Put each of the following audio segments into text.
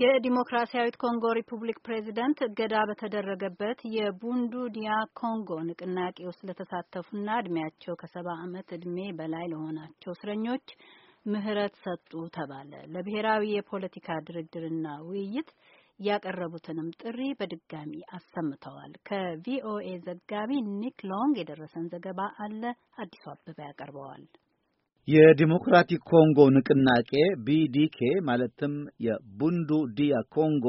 የዲሞክራሲያዊት ኮንጎ ሪፑብሊክ ፕሬዚደንት እገዳ በተደረገበት የቡንዱ ዲያ ኮንጎ ንቅናቄ ውስጥ ለተሳተፉና እድሜያቸው ከሰባ ዓመት እድሜ በላይ ለሆናቸው እስረኞች ምህረት ሰጡ ተባለ። ለብሔራዊ የፖለቲካ ድርድርና ውይይት ያቀረቡትንም ጥሪ በድጋሚ አሰምተዋል። ከቪኦኤ ዘጋቢ ኒክ ሎንግ የደረሰን ዘገባ አለ፣ አዲሱ አበባ ያቀርበዋል። የዲሞክራቲክ ኮንጎ ንቅናቄ ቢዲኬ ማለትም የቡንዱ ዲያ ኮንጎ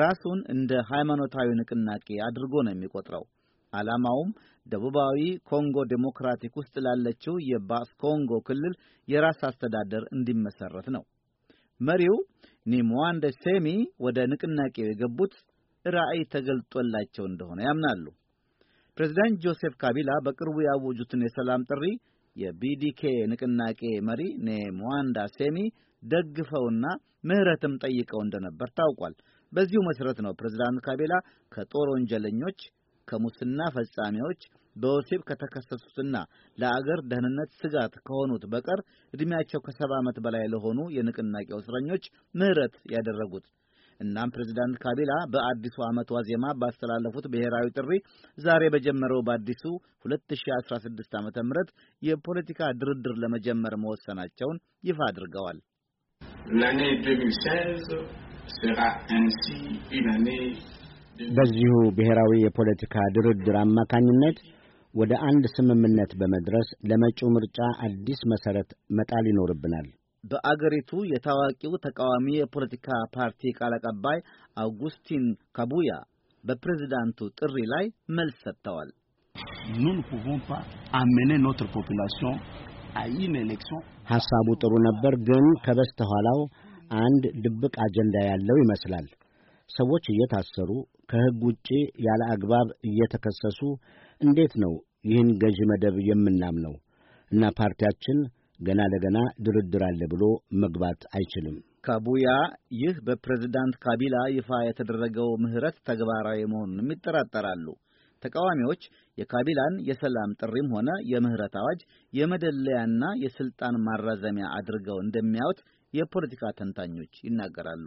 ራሱን እንደ ሃይማኖታዊ ንቅናቄ አድርጎ ነው የሚቆጥረው። ዓላማውም ደቡባዊ ኮንጎ ዴሞክራቲክ ውስጥ ላለችው የባስ ኮንጎ ክልል የራስ አስተዳደር እንዲመሰረት ነው። መሪው ኒሙዋንደ ሴሚ ወደ ንቅናቄው የገቡት ራዕይ ተገልጦላቸው እንደሆነ ያምናሉ። ፕሬዚዳንት ጆሴፍ ካቢላ በቅርቡ ያወጁትን የሰላም ጥሪ የቢዲኬ ንቅናቄ መሪ ኔምዋንዳ ሴሚ ደግፈውና ምህረትም ጠይቀው እንደነበር ታውቋል። በዚሁ መሠረት ነው ፕሬዝዳንት ካቢላ ከጦር ወንጀለኞች፣ ከሙስና ፈጻሚዎች፣ በወሲብ ከተከሰሱትና ለአገር ደህንነት ስጋት ከሆኑት በቀር ዕድሜያቸው ከሰባ ዓመት በላይ ለሆኑ የንቅናቄው እስረኞች ምህረት ያደረጉት። እናም ፕሬዚዳንት ካቢላ በአዲሱ ዓመት ዋዜማ ባስተላለፉት ብሔራዊ ጥሪ ዛሬ በጀመረው በአዲሱ 2016 ዓ.ም ምህረት የፖለቲካ ድርድር ለመጀመር መወሰናቸውን ይፋ አድርገዋል። በዚሁ ብሔራዊ የፖለቲካ ድርድር አማካኝነት ወደ አንድ ስምምነት በመድረስ ለመጪው ምርጫ አዲስ መሠረት መጣል ይኖርብናል። በአገሪቱ የታዋቂው ተቃዋሚ የፖለቲካ ፓርቲ ቃል አቀባይ አውጉስቲን ካቡያ በፕሬዝዳንቱ ጥሪ ላይ መልስ ሰጥተዋል። ሐሳቡ ጥሩ ነበር፣ ግን ከበስተኋላው አንድ ድብቅ አጀንዳ ያለው ይመስላል። ሰዎች እየታሰሩ ከሕግ ውጪ ያለ አግባብ እየተከሰሱ እንዴት ነው ይህን ገዢ መደብ የምናምነው? እና ፓርቲያችን ገና ለገና ድርድር አለ ብሎ መግባት አይችልም። ካቡያ ይህ በፕሬዝዳንት ካቢላ ይፋ የተደረገው ምህረት ተግባራዊ መሆኑንም ይጠራጠራሉ። ተቃዋሚዎች የካቢላን የሰላም ጥሪም ሆነ የምህረት አዋጅ የመደለያና የስልጣን ማራዘሚያ አድርገው እንደሚያዩት የፖለቲካ ተንታኞች ይናገራሉ።